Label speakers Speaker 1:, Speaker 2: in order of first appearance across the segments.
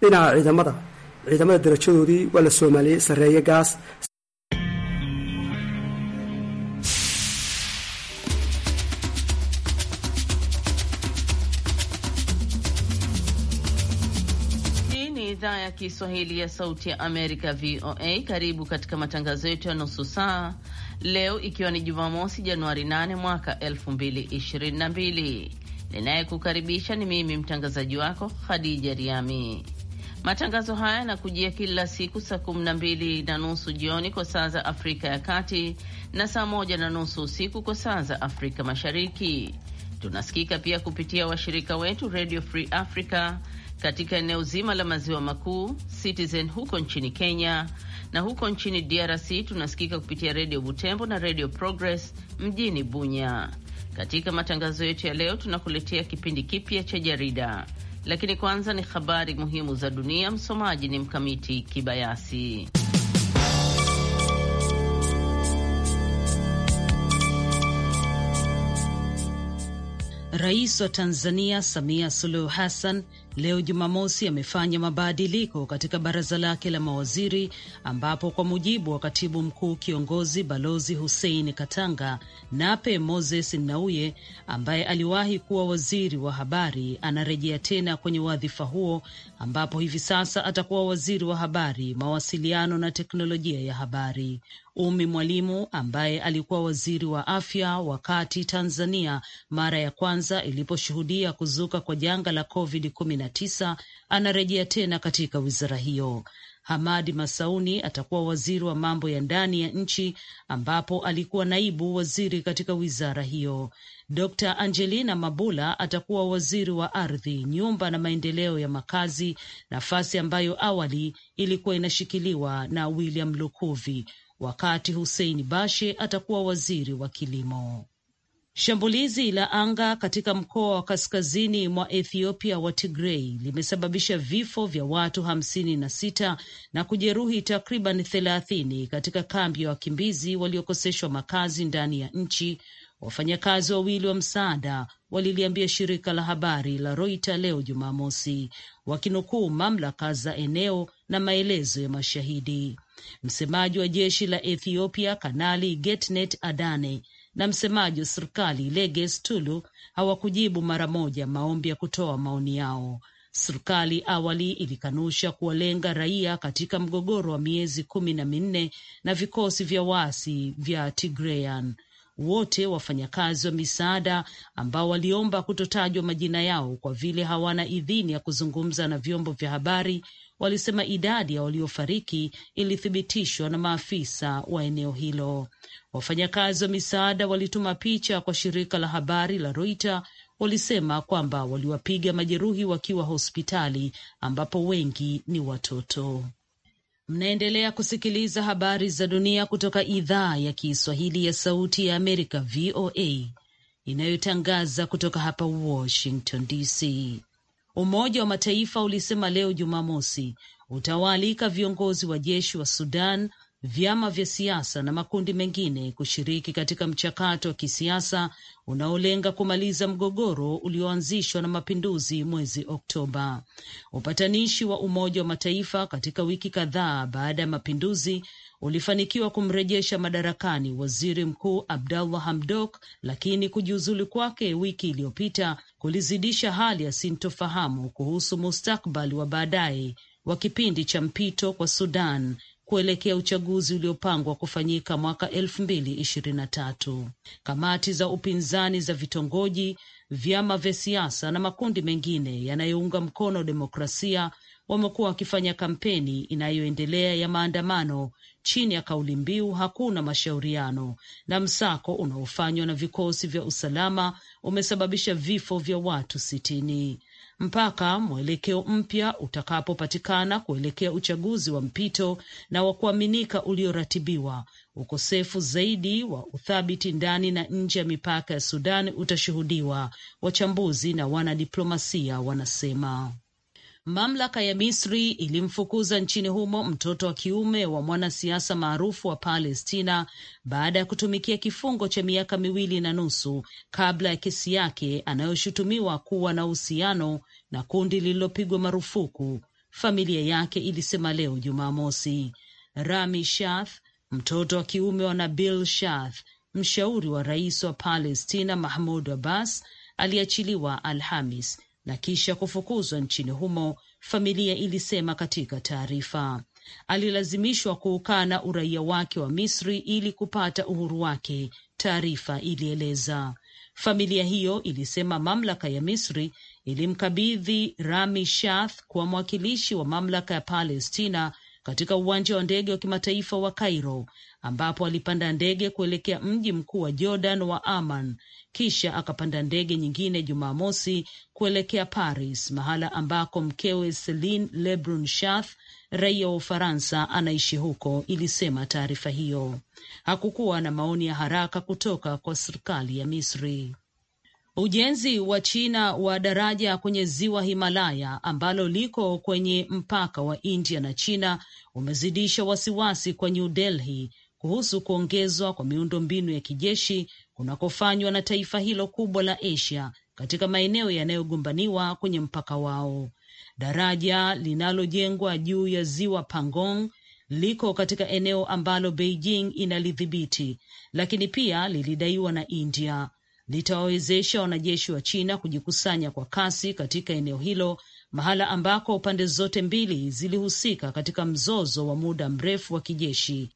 Speaker 1: dhinaca ciidamada ciidamada darajadoodii waa la soomaaliyey sareeye gaas
Speaker 2: Idhaa ya Kiswahili ya Sauti ya Amerika, VOA. Karibu katika matangazo yetu ya nusu saa leo, ikiwa ni Jumamosi Januari 8 mwaka 2022. Ninayekukaribisha ni mimi mtangazaji wako Khadija Riami. Matangazo haya yanakujia kila siku saa kumi na mbili na nusu jioni kwa saa za Afrika ya Kati na saa moja na nusu usiku kwa saa za Afrika Mashariki. Tunasikika pia kupitia washirika wetu Radio Free Africa katika eneo zima la maziwa makuu, Citizen huko nchini Kenya, na huko nchini DRC tunasikika kupitia redio Butembo na redio Progress mjini Bunya. Katika matangazo yetu ya leo, tunakuletea kipindi kipya cha jarida lakini kwanza ni habari muhimu za dunia. Msomaji ni Mkamiti Kibayasi.
Speaker 1: Rais wa Tanzania Samia Suluhu Hassan leo Jumamosi amefanya mabadiliko katika baraza lake la mawaziri ambapo kwa mujibu wa katibu mkuu kiongozi Balozi Hussein Katanga, Nape Moses Nnauye ambaye aliwahi kuwa waziri wa habari anarejea tena kwenye wadhifa huo, ambapo hivi sasa atakuwa waziri wa habari, mawasiliano na teknolojia ya habari umi Mwalimu ambaye alikuwa waziri wa afya wakati Tanzania mara ya kwanza iliposhuhudia kuzuka kwa janga la COVID-19 anarejea tena katika wizara hiyo. Hamadi Masauni atakuwa waziri wa mambo ya ndani ya nchi ambapo alikuwa naibu waziri katika wizara hiyo. Dr. Angelina Mabula atakuwa waziri wa ardhi, nyumba na maendeleo ya makazi, nafasi ambayo awali ilikuwa inashikiliwa na William Lukuvi, wakati Hussein Bashe atakuwa waziri wa kilimo. Shambulizi la anga katika mkoa wa kaskazini mwa Ethiopia wa Tigrei limesababisha vifo vya watu hamsini na sita na kujeruhi takriban thelathini katika kambi ya wa wakimbizi waliokoseshwa makazi ndani ya nchi, Wafanyakazi wawili wa msaada waliliambia shirika la habari la Reuters leo Jumamosi, wakinukuu mamlaka za eneo na maelezo ya mashahidi. Msemaji wa jeshi la Ethiopia Kanali Getnet Adane na msemaji wa serikali Leges Tulu hawakujibu mara moja maombi ya kutoa maoni yao. Serikali awali ilikanusha kuwalenga raia katika mgogoro wa miezi kumi na minne na vikosi vya waasi vya Tigrean wote wafanyakazi wa misaada ambao waliomba kutotajwa majina yao kwa vile hawana idhini ya kuzungumza na vyombo vya habari walisema idadi ya waliofariki ilithibitishwa na maafisa wa eneo hilo. Wafanyakazi wa misaada walituma picha kwa shirika la habari la Reuters, walisema kwamba waliwapiga majeruhi wakiwa hospitali ambapo wengi ni watoto. Mnaendelea kusikiliza habari za dunia kutoka idhaa ya Kiswahili ya Sauti ya Amerika, VOA, inayotangaza kutoka hapa Washington DC. Umoja wa Mataifa ulisema leo Jumamosi utawaalika viongozi wa jeshi wa Sudan vyama vya siasa na makundi mengine kushiriki katika mchakato wa kisiasa unaolenga kumaliza mgogoro ulioanzishwa na mapinduzi mwezi Oktoba. Upatanishi wa Umoja wa Mataifa katika wiki kadhaa baada ya mapinduzi ulifanikiwa kumrejesha madarakani waziri mkuu Abdallah Hamdok, lakini kujiuzulu kwake wiki iliyopita kulizidisha hali ya sintofahamu kuhusu mustakbali wa baadaye wa kipindi cha mpito kwa Sudan kuelekea uchaguzi uliopangwa kufanyika mwaka elfu mbili ishirini na tatu. Kamati za upinzani za vitongoji, vyama vya siasa na makundi mengine yanayounga mkono demokrasia wamekuwa wakifanya kampeni inayoendelea ya maandamano chini ya kauli mbiu hakuna mashauriano, na msako unaofanywa na vikosi vya usalama umesababisha vifo vya watu sitini mpaka mwelekeo mpya utakapopatikana kuelekea uchaguzi wa mpito na wa kuaminika ulioratibiwa. Ukosefu zaidi wa uthabiti ndani na nje ya mipaka ya Sudan utashuhudiwa, wachambuzi na wanadiplomasia wanasema. Mamlaka ya Misri ilimfukuza nchini humo mtoto wa kiume wa mwanasiasa maarufu wa Palestina baada ya kutumikia kifungo cha miaka miwili na nusu kabla ya kesi yake anayoshutumiwa kuwa na uhusiano na kundi lililopigwa marufuku, familia yake ilisema leo Jumamosi. Rami Shath, mtoto wa kiume wa Nabil Shath, mshauri wa rais wa Palestina Mahmud Abbas, aliachiliwa Alhamis na kisha kufukuzwa nchini humo, familia ilisema katika taarifa. Alilazimishwa kuukana uraia wake wa Misri ili kupata uhuru wake, taarifa ilieleza. Familia hiyo ilisema mamlaka ya Misri ilimkabidhi Rami Shath kwa mwakilishi wa mamlaka ya Palestina katika uwanja wa ndege wa kimataifa wa Cairo ambapo alipanda ndege kuelekea mji mkuu wa Jordan wa aman kisha akapanda ndege nyingine Jumamosi kuelekea Paris, mahala ambako mkewe Celine Lebrun Chath, raia wa Ufaransa, anaishi huko, ilisema taarifa hiyo. Hakukuwa na maoni ya haraka kutoka kwa serikali ya Misri. Ujenzi wa China wa daraja kwenye ziwa Himalaya ambalo liko kwenye mpaka wa India na China umezidisha wasiwasi kwa New Delhi kuhusu kuongezwa kwa miundombinu ya kijeshi kunakofanywa na taifa hilo kubwa la Asia katika maeneo yanayogombaniwa kwenye mpaka wao. Daraja linalojengwa juu ya ziwa Pangong liko katika eneo ambalo Beijing inalidhibiti, lakini pia lilidaiwa na India. Litawawezesha wanajeshi wa China kujikusanya kwa kasi katika eneo hilo, mahala ambako pande zote mbili zilihusika katika mzozo wa muda mrefu wa kijeshi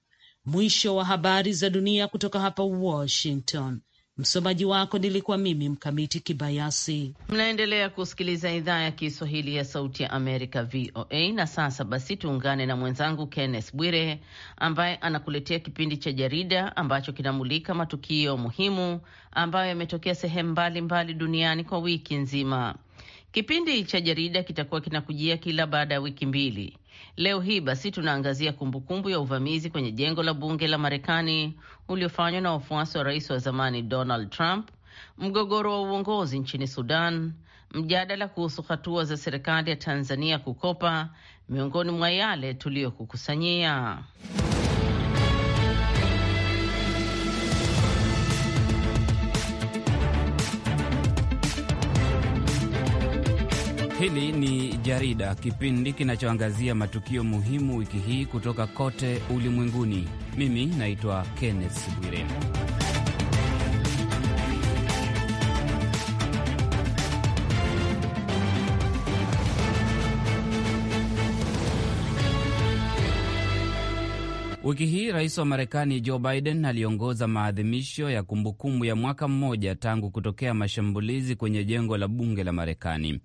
Speaker 1: Mwisho wa habari za dunia kutoka hapa Washington. Msomaji wako nilikuwa mimi Mkamiti Kibayasi.
Speaker 2: Mnaendelea kusikiliza idhaa ya Kiswahili ya Sauti ya Amerika, VOA. Na sasa basi, tuungane na mwenzangu Kenneth Bwire ambaye anakuletea kipindi cha Jarida ambacho kinamulika matukio muhimu ambayo yametokea sehemu mbalimbali duniani kwa wiki nzima. Kipindi cha Jarida kitakuwa kinakujia kila baada ya wiki mbili Leo hii basi tunaangazia kumbukumbu ya uvamizi kwenye jengo la bunge la Marekani uliofanywa na wafuasi wa rais wa zamani Donald Trump, mgogoro wa uongozi nchini Sudan, mjadala kuhusu hatua za serikali ya Tanzania kukopa, miongoni mwa yale tuliyokukusanyia.
Speaker 3: Hili ni Jarida, kipindi kinachoangazia matukio muhimu wiki hii kutoka kote ulimwenguni. Mimi naitwa Kenneth Bwire. Wiki hii rais wa Marekani Joe Biden aliongoza maadhimisho ya kumbukumbu ya mwaka mmoja tangu kutokea mashambulizi kwenye jengo la bunge la Marekani.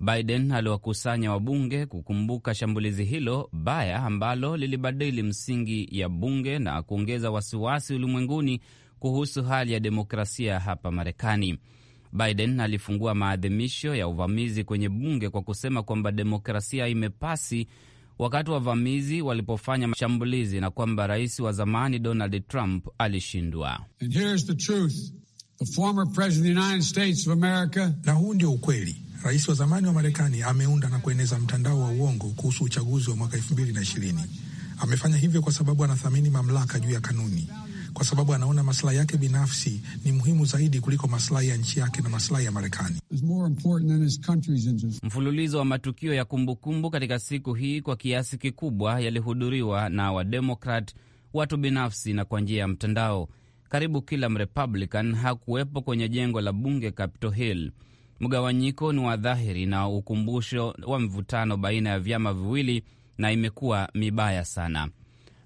Speaker 3: Biden aliwakusanya wabunge kukumbuka shambulizi hilo baya ambalo lilibadili msingi ya bunge na kuongeza wasiwasi ulimwenguni kuhusu hali ya demokrasia hapa Marekani. Biden alifungua maadhimisho ya uvamizi kwenye bunge kwa kusema kwamba demokrasia imepasi wakati wavamizi walipofanya mashambulizi na kwamba rais wa zamani Donald Trump alishindwa.
Speaker 4: Na huu ndio ukweli rais wa zamani wa Marekani ameunda na kueneza mtandao wa uongo kuhusu uchaguzi wa mwaka elfu mbili na ishirini. Amefanya hivyo kwa sababu anathamini mamlaka juu ya kanuni, kwa sababu anaona maslahi yake binafsi ni muhimu zaidi kuliko maslahi ya nchi yake na maslahi ya Marekani.
Speaker 3: Mfululizo wa matukio ya kumbukumbu katika siku hii kwa kiasi kikubwa yalihudhuriwa na Wademokrat, watu binafsi na kwa njia ya mtandao. Karibu kila Mrepublican hakuwepo kwenye jengo la bunge Capitol Hill. Mgawanyiko ni wa dhahiri na ukumbusho wa mvutano baina ya vyama viwili, na imekuwa mibaya sana.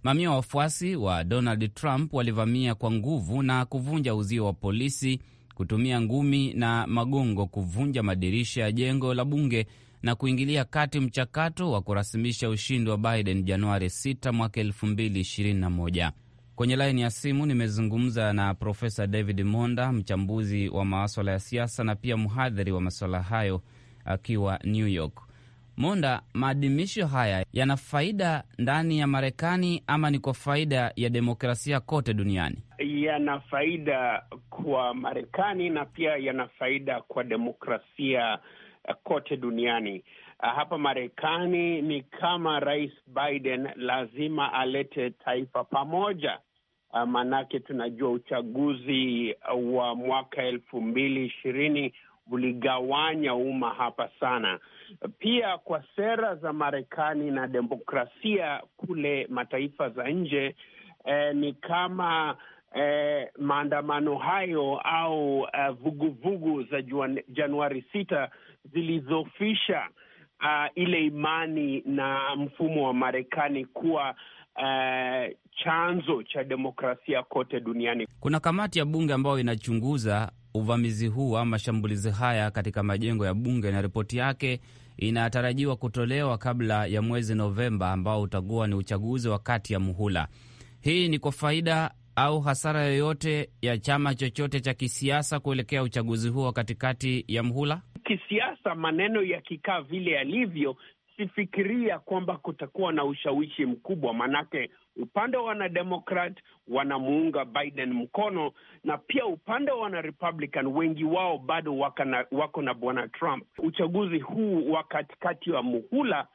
Speaker 3: Mamia wa wafuasi wa Donald Trump walivamia kwa nguvu na kuvunja uzio wa polisi, kutumia ngumi na magongo kuvunja madirisha ya jengo la bunge na kuingilia kati mchakato wa kurasimisha ushindi wa Biden Januari 6 mwaka 2021. Kwenye laini ya simu nimezungumza na Profesa David Monda, mchambuzi wa maswala ya siasa na pia mhadhiri wa maswala hayo akiwa New York. Monda, maadhimisho haya yana faida ndani ya Marekani ama ni kwa faida ya demokrasia kote duniani?
Speaker 5: Yana faida kwa Marekani na pia yana faida kwa demokrasia kote duniani. Hapa Marekani ni kama Rais Biden lazima alete taifa pamoja Ah, maanake tunajua uchaguzi wa mwaka elfu mbili ishirini uligawanya umma hapa sana, pia kwa sera za Marekani na demokrasia kule mataifa za nje. Eh, ni kama eh, maandamano hayo au eh, vuguvugu uh, vugu za Januari sita zilizofisha uh, ile imani na mfumo wa Marekani kuwa uh, chanzo cha demokrasia kote duniani.
Speaker 3: Kuna kamati ya bunge ambayo inachunguza uvamizi huu ama mashambulizi haya katika majengo ya bunge, na ripoti yake inatarajiwa kutolewa kabla ya mwezi Novemba ambao utakuwa ni uchaguzi wa kati ya muhula. Hii ni kwa faida au hasara yoyote ya chama chochote cha kisiasa kuelekea uchaguzi huo wa katikati ya muhula?
Speaker 5: Kisiasa, maneno yakikaa vile yalivyo, sifikiria kwamba kutakuwa na ushawishi mkubwa, maanake upande wa wanademokrat wanamuunga Biden mkono na pia upande wa wanarepublican wengi wao bado wakana, wako na bwana Trump. Uchaguzi huu wa katikati wa muhula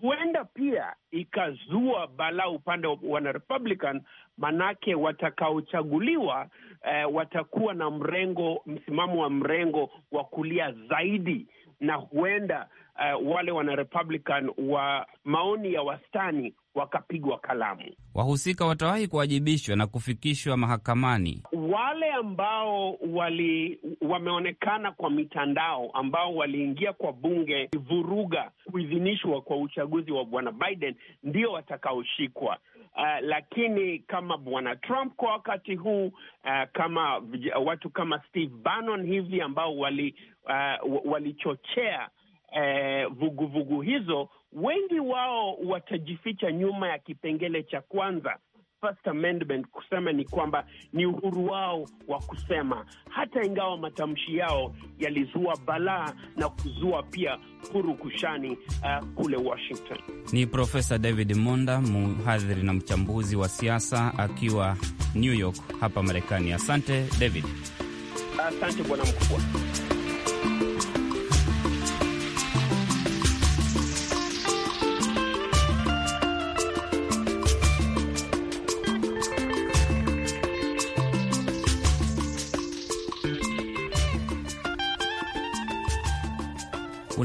Speaker 5: huenda pia ikazua balaa upande wa wanarepublican, manake watakaochaguliwa eh, watakuwa na mrengo msimamo wa mrengo wa kulia zaidi na huenda uh, wale wana Republican wa maoni ya wastani wakapigwa kalamu.
Speaker 3: Wahusika watawahi kuwajibishwa na kufikishwa mahakamani.
Speaker 5: Wale ambao wali wameonekana kwa mitandao, ambao waliingia kwa bunge vuruga kuidhinishwa kwa uchaguzi wa bwana Biden ndio watakaoshikwa, Uh, lakini kama bwana Trump kwa wakati huu uh, kama watu kama Steve Bannon hivi ambao wali uh, walichochea uh, vuguvugu uh, vugu hizo, wengi wao watajificha nyuma ya kipengele cha kwanza First Amendment kusema ni kwamba ni uhuru wao wa kusema, hata ingawa matamshi yao yalizua balaa na kuzua pia purukushani uh, kule Washington.
Speaker 3: Ni Profesa David Monda, mhadhiri na mchambuzi wa siasa akiwa New York hapa Marekani. Asante David.
Speaker 5: Asante bwana mkubwa.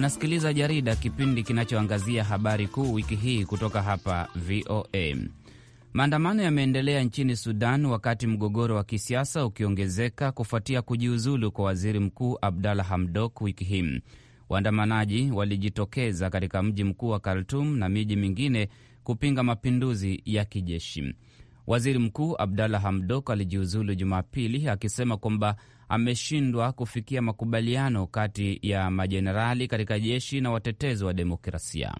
Speaker 3: Unasikiliza jarida, kipindi kinachoangazia habari kuu wiki hii kutoka hapa VOA. Maandamano yameendelea nchini Sudan wakati mgogoro wa kisiasa ukiongezeka kufuatia kujiuzulu kwa waziri mkuu Abdalla Hamdok wiki hii. Waandamanaji walijitokeza katika mji mkuu wa Khartum na miji mingine kupinga mapinduzi ya kijeshi. Waziri Mkuu Abdalla Hamdok alijiuzulu Jumapili akisema kwamba ameshindwa kufikia makubaliano kati ya majenerali katika jeshi na watetezi wa demokrasia.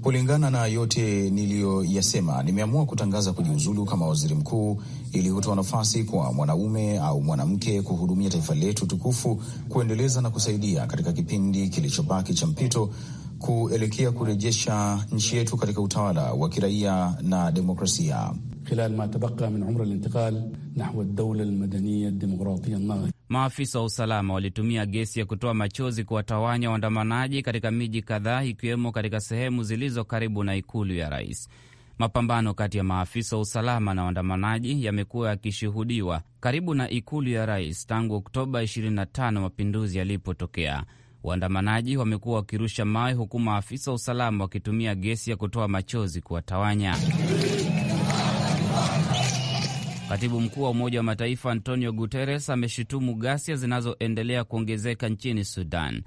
Speaker 4: Kulingana na yote niliyoyasema, nimeamua kutangaza kujiuzulu kama waziri mkuu ili kutoa nafasi kwa mwanaume au mwanamke kuhudumia taifa letu tukufu, kuendeleza na kusaidia katika kipindi kilichobaki cha mpito kuelekea kurejesha nchi yetu katika utawala wa kiraia na demokrasia khilal ma tabaka min umri lintiqal nahwa daula lmadania demokratia nahda.
Speaker 3: Maafisa wa usalama walitumia gesi ya kutoa machozi kuwatawanya waandamanaji katika miji kadhaa ikiwemo katika sehemu zilizo karibu na ikulu ya rais. Mapambano kati ya maafisa wa usalama na waandamanaji yamekuwa yakishuhudiwa karibu na ikulu ya rais tangu Oktoba 25 mapinduzi yalipotokea. Waandamanaji wamekuwa wakirusha mawe, huku maafisa wa usalama wakitumia gesi ya kutoa machozi kuwatawanya. Katibu mkuu wa Umoja wa Mataifa Antonio Guterres ameshutumu ghasia zinazoendelea kuongezeka nchini Sudan.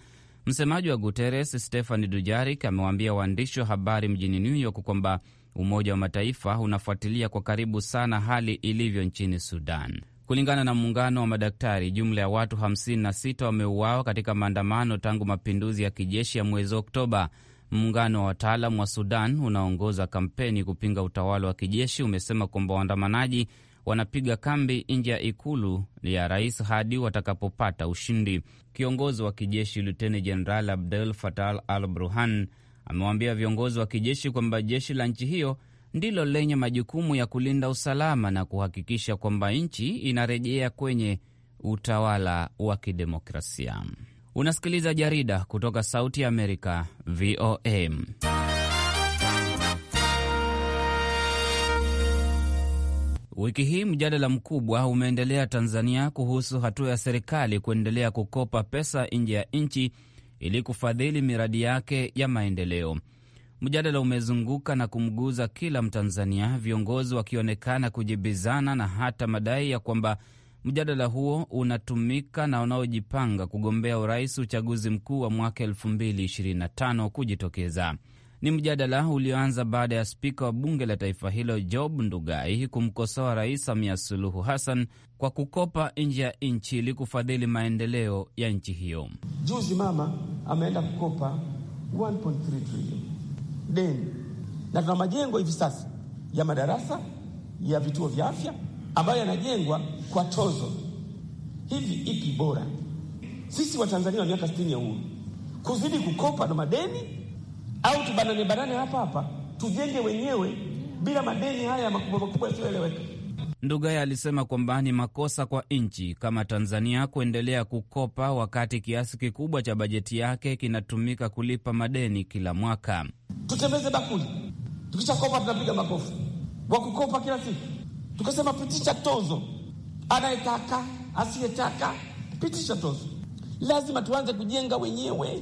Speaker 3: Msemaji wa Guterres stephani Dujarik amewaambia waandishi wa habari mjini New York kwamba Umoja wa Mataifa unafuatilia kwa karibu sana hali ilivyo nchini Sudan. Kulingana na muungano wa madaktari, jumla ya watu 56 wameuawa katika maandamano tangu mapinduzi ya kijeshi ya mwezi Oktoba. Muungano wa wataalam wa Sudan unaongoza kampeni kupinga utawala wa kijeshi umesema kwamba waandamanaji wanapiga kambi nje ya ikulu ya rais hadi watakapopata ushindi. Kiongozi wa kijeshi Luteni Jenerali Abdel fatal al Burhan amewaambia viongozi wa kijeshi kwamba jeshi la nchi hiyo ndilo lenye majukumu ya kulinda usalama na kuhakikisha kwamba nchi inarejea kwenye utawala wa kidemokrasia. Unasikiliza jarida kutoka Sauti ya Amerika, VOA. Wiki hii mjadala mkubwa umeendelea Tanzania kuhusu hatua ya serikali kuendelea kukopa pesa nje ya nchi ili kufadhili miradi yake ya maendeleo. Mjadala umezunguka na kumguza kila Mtanzania, viongozi wakionekana kujibizana na hata madai ya kwamba mjadala huo unatumika na wanaojipanga kugombea urais uchaguzi mkuu wa mwaka 2025 kujitokeza ni mjadala ulioanza baada ya spika wa bunge la taifa hilo Job Ndugai kumkosoa Rais Samia Suluhu Hassan kwa kukopa nje ya nchi ili kufadhili maendeleo ya nchi hiyo.
Speaker 5: Juzi mama ameenda kukopa 1.3
Speaker 4: trilioni deni, na tuna majengo hivi sasa ya madarasa ya vituo vya afya ambayo yanajengwa kwa tozo. Hivi ipi bora? Sisi Watanzania wa miaka 60 ya uhuru kuzidi kukopa na madeni au tubanane banane hapa hapa tujenge wenyewe bila madeni haya makubwa makubwa yasiyoeleweka.
Speaker 3: Ndugai alisema kwamba ni makosa kwa nchi kama Tanzania kuendelea kukopa wakati kiasi kikubwa cha bajeti yake kinatumika kulipa madeni kila mwaka.
Speaker 4: Tutembeze bakuli, tukishakopa tunapiga makofu wa kukopa kila siku, tukasema pitisha tozo, anayetaka asiyetaka pitisha tozo. Lazima tuanze kujenga wenyewe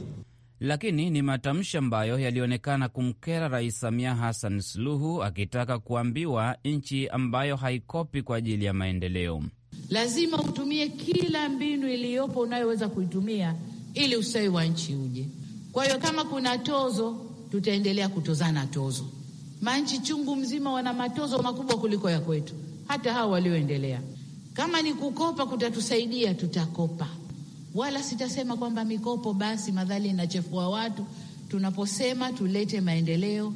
Speaker 3: lakini ni matamshi ambayo yalionekana kumkera Rais Samia Hassan Suluhu akitaka kuambiwa nchi ambayo haikopi kwa ajili ya maendeleo.
Speaker 6: Lazima utumie kila mbinu iliyopo unayoweza kuitumia ili ustawi wa nchi uje. Kwa hiyo kama kuna tozo, tutaendelea kutozana tozo. Manchi chungu mzima wana matozo makubwa kuliko ya kwetu, hata hao walioendelea. Kama ni kukopa kutatusaidia, tutakopa wala sitasema kwamba mikopo basi madhali inachefua watu. Tunaposema tulete maendeleo,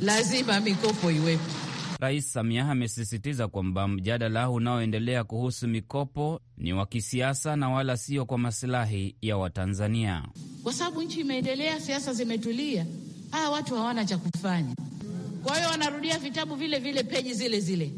Speaker 3: lazima mikopo iwepo. Rais Samia amesisitiza kwamba mjadala unaoendelea kuhusu mikopo ni wa kisiasa na wala sio kwa masilahi ya Watanzania,
Speaker 6: kwa sababu nchi imeendelea, siasa zimetulia, hawa watu hawana cha kufanya, kwa hiyo wanarudia vitabu vile vile, peji zile zile.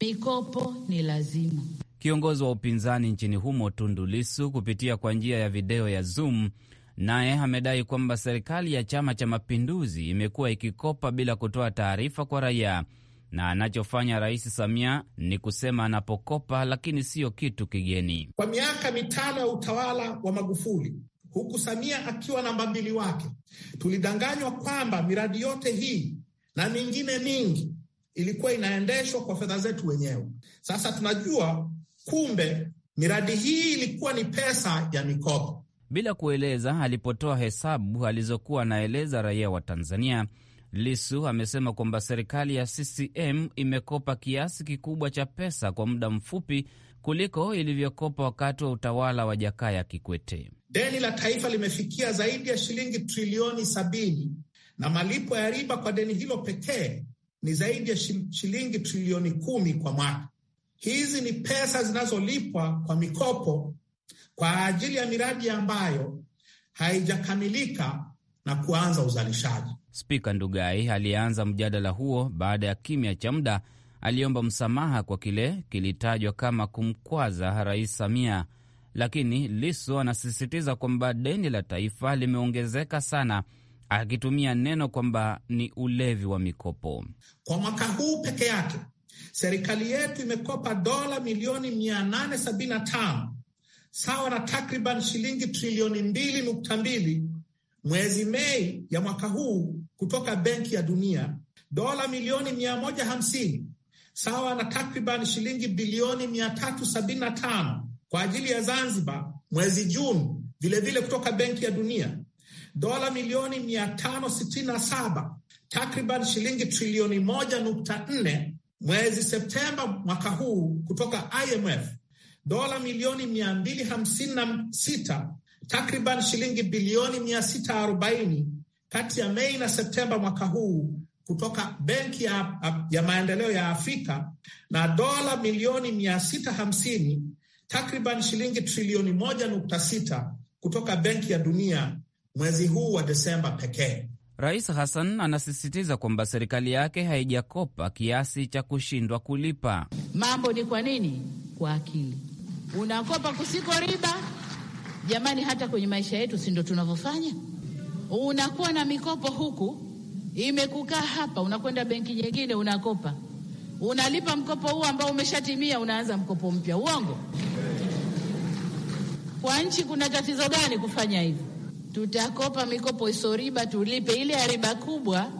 Speaker 6: Mikopo ni lazima
Speaker 3: Kiongozi wa upinzani nchini humo Tundu kupitia kwa njia ya video ya Zoom, naye amedai kwamba serikali ya Chama cha Mapinduzi imekuwa ikikopa bila kutoa taarifa kwa raia, na anachofanya Rais Samia ni kusema anapokopa, lakini siyo kitu kigeni. Kwa
Speaker 4: miaka mitano ya utawala wa Magufuli, huku Samia akiwa namba mbili wake, tulidanganywa kwamba miradi yote hii na mingine mingi ilikuwa inaendeshwa kwa fedha zetu wenyewe. Sasa tunajua Kumbe miradi hii ilikuwa ni pesa ya
Speaker 3: mikopo, bila kueleza alipotoa hesabu alizokuwa anaeleza raia wa Tanzania. Lisu amesema kwamba serikali ya CCM imekopa kiasi kikubwa cha pesa kwa muda mfupi kuliko ilivyokopa wakati wa utawala wa Jakaya Kikwete.
Speaker 4: Deni la taifa limefikia zaidi ya shilingi trilioni sabini na malipo ya riba kwa deni hilo pekee ni zaidi ya shilingi trilioni kumi kwa mwaka. Hizi ni pesa zinazolipwa kwa mikopo kwa ajili ya miradi ambayo haijakamilika na kuanza uzalishaji.
Speaker 3: Spika Ndugai aliyeanza mjadala huo baada ya kimya cha muda aliomba msamaha kwa kile kilitajwa kama kumkwaza Rais Samia, lakini Lisu anasisitiza kwamba deni la taifa limeongezeka sana, akitumia neno kwamba ni ulevi wa mikopo.
Speaker 4: Kwa mwaka huu peke yake Serikali yetu imekopa dola milioni mia nane sawa na takriban shilingi trilioni mbili nukta mbili mwezi Mei ya mwaka huu kutoka Benki ya Dunia, dola milioni mia hamsini sawa na takriban shilingi bilioni mia tatu sabini kwa ajili ya Zanzibar mwezi Juni, vilevile kutoka Benki ya Dunia dola milioni mia tano saba takriban shilingi trilioni moja nukta nne mwezi Septemba mwaka huu kutoka IMF dola milioni 256 takriban shilingi bilioni 640 kati ya Mei na Septemba mwaka huu kutoka Benki ya, ya Maendeleo ya Afrika na dola milioni 650 takriban shilingi trilioni 1.6 kutoka Benki ya Dunia mwezi huu wa Desemba pekee.
Speaker 3: Rais Hassan anasisitiza kwamba serikali yake haijakopa kiasi cha kushindwa kulipa.
Speaker 6: Mambo ni kwa nini? Kwa akili. Unakopa kusiko riba? Jamani, hata kwenye maisha yetu si ndo tunavyofanya? Unakuwa na mikopo huku imekukaa hapa, unakwenda benki nyingine unakopa, unalipa mkopo huu ambao umeshatimia, unaanza mkopo mpya. Uongo. Kwa nchi kuna tatizo gani kufanya hivyo? tutakopa mikopo isoriba tulipe ile ya riba kubwa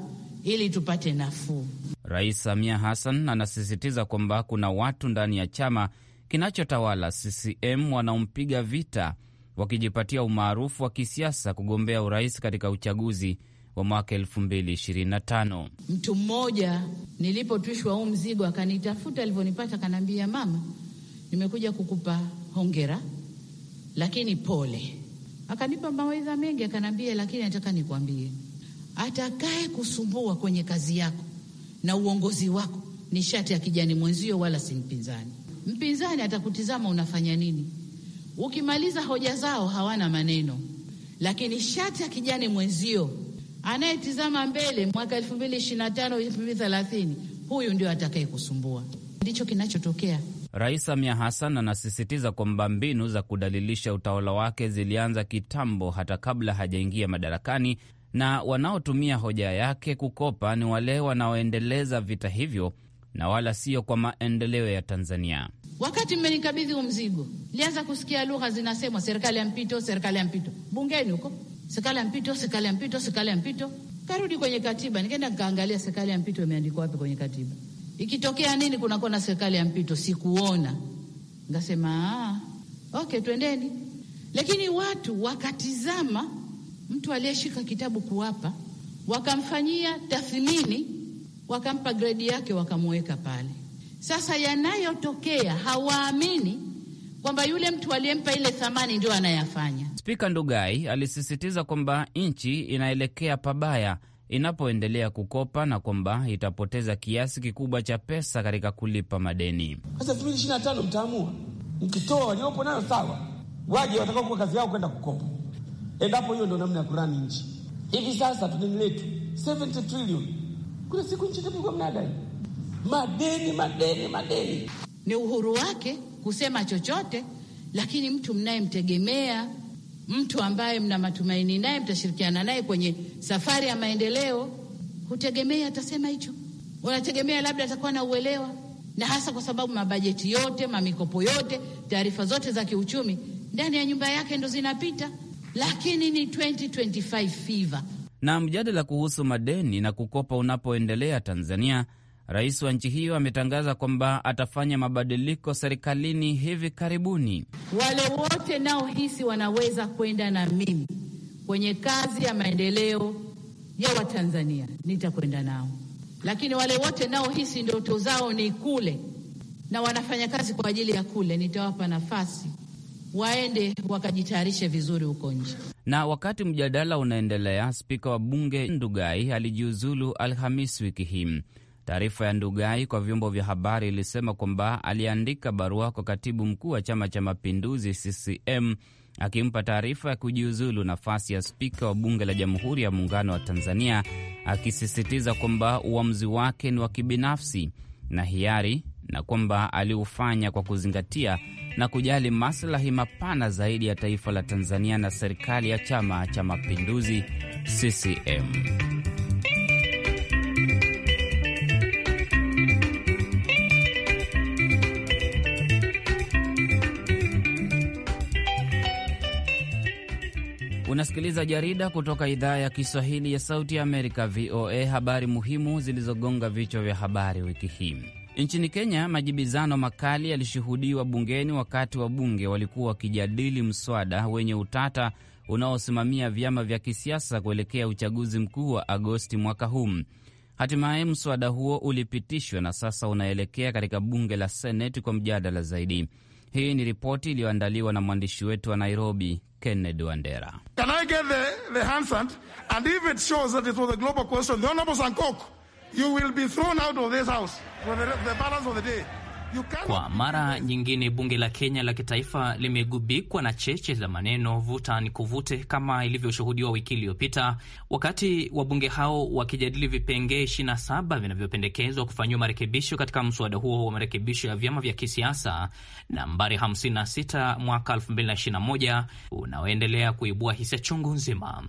Speaker 6: ili tupate nafuu.
Speaker 3: Rais Samia Hassan anasisitiza kwamba kuna watu ndani ya chama kinachotawala CCM wanaompiga vita wakijipatia umaarufu wa kisiasa kugombea urais katika uchaguzi wa mwaka 2025.
Speaker 6: Mtu mmoja nilipotwishwa huu mzigo akanitafuta, alivyonipata kanaambia, mama, nimekuja kukupa hongera, lakini pole Akanipa mawaidha mengi, akanambia, lakini nataka nikwambie, atakaye kusumbua kwenye kazi yako na uongozi wako ni shati ya kijani mwenzio, wala si mpinzani. Mpinzani atakutizama unafanya nini. Ukimaliza hoja zao hawana maneno, lakini shati ya kijani mwenzio anayetizama mbele mwaka elfu mbili ishirini na tano elfu mbili thelathini huyu ndio atakaye kusumbua. Ndicho kinachotokea.
Speaker 3: Rais Samia Hassan anasisitiza kwamba mbinu za kudalilisha utawala wake zilianza kitambo, hata kabla hajaingia madarakani, na wanaotumia hoja yake kukopa ni wale wanaoendeleza vita hivyo na wala sio kwa maendeleo ya Tanzania.
Speaker 6: Wakati mmenikabidhi huu mzigo, nilianza kusikia lugha zinasemwa, serikali ya mpito, serikali ya mpito, bungeni huko, serikali ya mpito, serikali ya mpito, serikali ya mpito. Karudi kwenye katiba, nikaenda nikaangalia serikali ya mpito imeandikwa wapi kwenye katiba ikitokea nini kunakuwa na serikali ya mpito. Sikuona, nikasema ah, okay, twendeni. Lakini watu wakatizama mtu aliyeshika kitabu kuwapa, wakamfanyia tathmini, wakampa gredi yake, wakamweka pale. Sasa yanayotokea hawaamini kwamba yule mtu aliyempa ile thamani ndio anayafanya.
Speaker 3: Spika Ndugai alisisitiza kwamba nchi inaelekea pabaya inapoendelea kukopa na kwamba itapoteza kiasi kikubwa cha pesa katika kulipa madeni.
Speaker 4: Sasa elfu mbili ishirini na tano mtaamua, mkitoa waliopo nayo sawa, waje watakaokuwa kazi yao kwenda kukopa, endapo hiyo ndo namna ya kurani nchi. Hivi sasa tudeni letu 70 trilioni, kuna siku nchi itapigwa mnadai madeni, madeni, madeni.
Speaker 6: Ni uhuru wake kusema chochote, lakini mtu mnayemtegemea mtu ambaye mna matumaini naye, mtashirikiana naye kwenye safari ya maendeleo, hutegemea atasema hicho, unategemea labda atakuwa na uelewa, na hasa kwa sababu mabajeti yote, mamikopo yote, taarifa zote za kiuchumi ndani ya nyumba yake ndo zinapita, lakini ni 2025 fever.
Speaker 3: Na mjadala kuhusu madeni na kukopa unapoendelea Tanzania Rais wa nchi hiyo ametangaza kwamba atafanya mabadiliko serikalini hivi karibuni. Wale wote
Speaker 6: naohisi wanaweza kwenda na mimi kwenye kazi ya maendeleo ya Watanzania nitakwenda nao, lakini wale wote naohisi ndoto zao ni kule na wanafanya kazi kwa ajili ya kule, nitawapa nafasi waende wakajitayarishe vizuri huko nje.
Speaker 3: Na wakati mjadala unaendelea, spika wa bunge Ndugai alijiuzulu Alhamis wiki hii. Taarifa ya Ndugai kwa vyombo vya habari ilisema kwamba aliandika barua kwa katibu mkuu wa Chama cha Mapinduzi CCM akimpa taarifa ya kujiuzulu nafasi ya spika wa Bunge la Jamhuri ya Muungano wa Tanzania, akisisitiza kwamba uamuzi wake ni wa kibinafsi na hiari na kwamba aliufanya kwa kuzingatia na kujali maslahi mapana zaidi ya taifa la Tanzania na serikali ya Chama cha Mapinduzi CCM. Unasikiliza jarida kutoka idhaa ya Kiswahili ya Sauti ya Amerika, VOA. Habari muhimu zilizogonga vichwa vya habari wiki hii nchini Kenya. Majibizano makali yalishuhudiwa bungeni wakati wa bunge walikuwa wakijadili mswada wenye utata unaosimamia vyama vya kisiasa kuelekea uchaguzi mkuu wa Agosti mwaka huu. Hatimaye mswada huo ulipitishwa na sasa unaelekea katika bunge la Seneti kwa mjadala zaidi. Hii ni ripoti iliyoandaliwa na mwandishi wetu wa Nairobi, Kennedy Wandera.
Speaker 7: Kwa mara nyingine bunge la Kenya la kitaifa limegubikwa na cheche za maneno vuta ni kuvute, kama ilivyoshuhudiwa wiki iliyopita wakati wabunge hao wakijadili vipengee 27 vinavyopendekezwa kufanyiwa marekebisho katika mswada huo wa marekebisho ya vyama vya kisiasa nambari 56 mwaka 2021 unaoendelea kuibua hisia chungu nzima.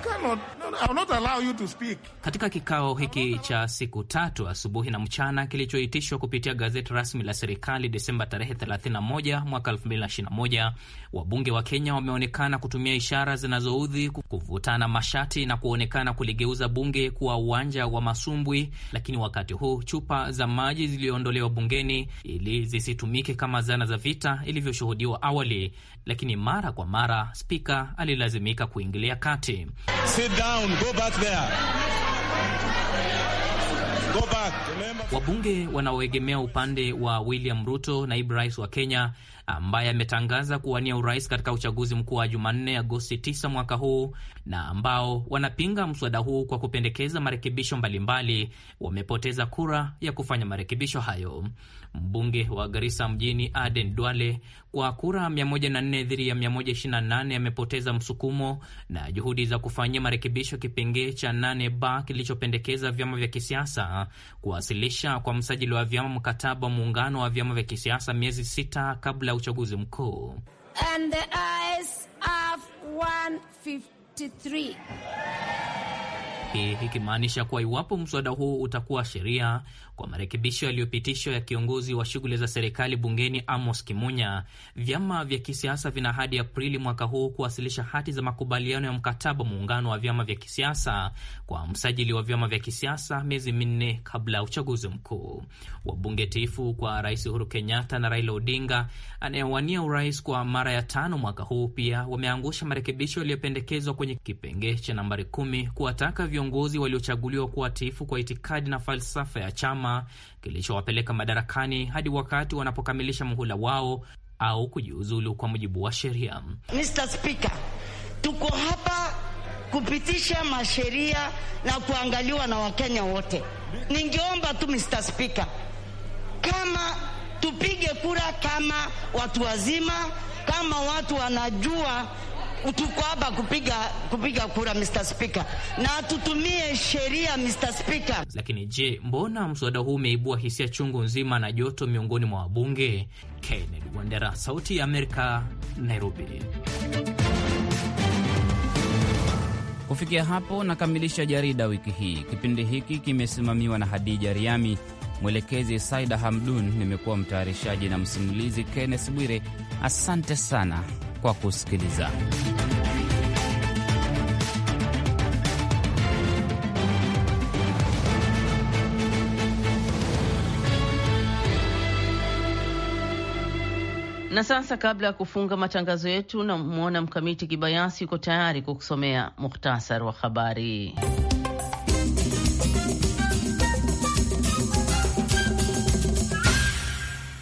Speaker 4: Cannot, no, not allow you to speak.
Speaker 7: Katika kikao hiki cha siku tatu asubuhi na mchana kilichoitishwa kupitia gazeti rasmi la serikali Desemba tarehe 31 mwaka 2021, wabunge wa Kenya wameonekana kutumia ishara zinazoudhi, kuvutana mashati na kuonekana kuligeuza bunge kuwa uwanja wa masumbwi. Lakini wakati huu chupa za maji ziliondolewa bungeni ili zisitumike kama zana za vita ilivyoshuhudiwa awali, lakini mara kwa mara spika alilazimika kuingilia kati. Wabunge wanaoegemea upande wa William Ruto, naibu rais wa Kenya, ambaye ametangaza kuwania urais katika uchaguzi mkuu wa Jumanne, Agosti 9 mwaka huu, na ambao wanapinga mswada huu kwa kupendekeza marekebisho mbalimbali, wamepoteza kura ya kufanya marekebisho hayo. Mbunge wa Garisa mjini Aden Duale kwa kura 104 dhidi ya 128 amepoteza msukumo na juhudi za kufanyia marekebisho kipengee cha 8 ba kilichopendekeza vyama vya kisiasa kuwasilisha kwa msajili wa vyama mkataba wa muungano wa vyama vya kisiasa miezi sita kabla uchaguzi mkuu.
Speaker 1: And the eyes of 153
Speaker 7: hii ikimaanisha kuwa iwapo mswada huu utakuwa sheria, kwa marekebisho yaliyopitishwa ya kiongozi wa shughuli za serikali bungeni Amos Kimunya, vyama vya kisiasa vina hadi Aprili mwaka huu kuwasilisha hati za makubaliano ya mkataba muungano wa vyama vya kisiasa kwa msajili wa vyama vya kisiasa miezi minne kabla ya uchaguzi mkuu. Wabunge tifu kwa Rais Uhuru Kenyatta na Raila Odinga anayewania urais kwa mara ya tano mwaka huu pia wameangusha marekebisho yaliyopendekezwa kwenye kipengee cha nambari kumi kuwataka viongozi waliochaguliwa kuwa tifu kwa itikadi na falsafa ya chama kilichowapeleka madarakani hadi wakati wanapokamilisha muhula wao au kujiuzulu kwa mujibu wa sheria.
Speaker 2: Mr. Speaker, tuko hapa kupitisha masheria na kuangaliwa na Wakenya wote. Ningeomba tu Mr. Speaker, kama tupige kura kama watu wazima, kama watu wanajua tuko hapa kupiga kupiga kura Mr. Speaker, na tutumie sheria Mr. Speaker.
Speaker 7: Lakini je, mbona mswada huu umeibua hisia chungu nzima na joto miongoni mwa wabunge? Kennedy Wandera, Sauti ya Amerika, Nairobi.
Speaker 3: Kufikia hapo nakamilisha jarida wiki hii. Kipindi hiki kimesimamiwa na Hadija Riami, mwelekezi Saida Hamdun, nimekuwa mtayarishaji na msimulizi Kenneth Bwire. Asante sana kwa kusikiliza.
Speaker 2: Na sasa kabla ya kufunga matangazo yetu, namwona Mkamiti Kibayasi yuko tayari kukusomea muhtasari wa habari.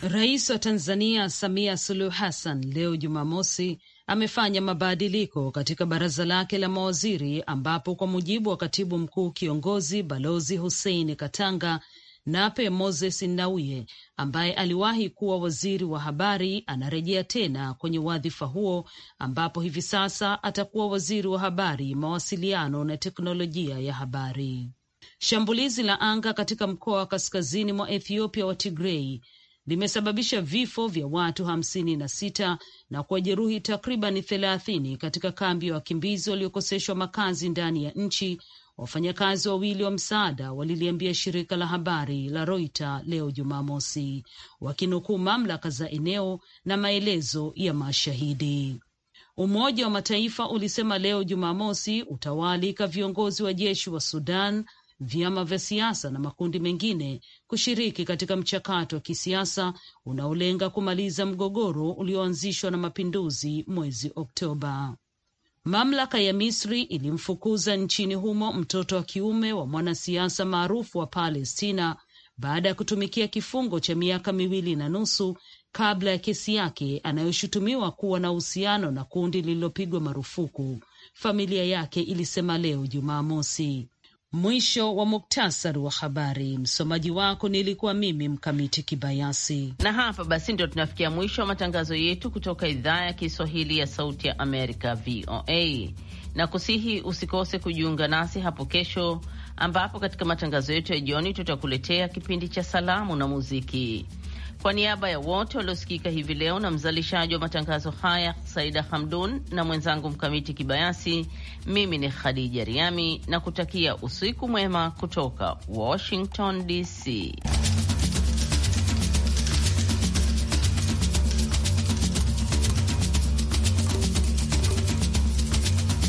Speaker 1: Rais wa Tanzania Samia Suluhu Hassan leo Jumamosi amefanya mabadiliko katika baraza lake la mawaziri ambapo kwa mujibu wa katibu mkuu kiongozi Balozi huseini Katanga Nape Moses Nnauye ambaye aliwahi kuwa waziri wa habari anarejea tena kwenye wadhifa huo ambapo hivi sasa atakuwa waziri wa habari, mawasiliano na teknolojia ya habari. Shambulizi la anga katika mkoa wa kaskazini mwa Ethiopia wa Tigrei limesababisha vifo vya watu hamsini na sita na kuwajeruhi takriban thelathini katika kambi ya wakimbizi waliokoseshwa makazi ndani ya nchi Wafanyakazi wawili wa msaada waliliambia shirika la habari la Reuters leo Jumamosi, wakinukuu mamlaka za eneo na maelezo ya mashahidi. Umoja wa Mataifa ulisema leo Jumamosi utawaalika viongozi wa jeshi wa Sudan, vyama vya siasa na makundi mengine kushiriki katika mchakato wa kisiasa unaolenga kumaliza mgogoro ulioanzishwa na mapinduzi mwezi Oktoba. Mamlaka ya Misri ilimfukuza nchini humo mtoto wa kiume wa mwanasiasa maarufu wa Palestina baada ya kutumikia kifungo cha miaka miwili na nusu kabla ya kesi yake anayoshutumiwa kuwa na uhusiano na kundi lililopigwa marufuku, familia yake ilisema leo Jumamosi. Mwisho wa muktasari wa
Speaker 2: habari. Msomaji wako nilikuwa
Speaker 1: mimi Mkamiti Kibayasi, na
Speaker 2: hapa basi ndio tunafikia mwisho wa matangazo yetu kutoka idhaa ya Kiswahili ya Sauti ya Amerika, VOA, na kusihi usikose kujiunga nasi hapo kesho, ambapo katika matangazo yetu ya jioni tutakuletea kipindi cha salamu na muziki. Kwa niaba ya wote waliosikika hivi leo na mzalishaji wa matangazo haya Saida Hamdun na mwenzangu Mkamiti Kibayasi, mimi ni Khadija Riami na kutakia usiku mwema kutoka Washington DC.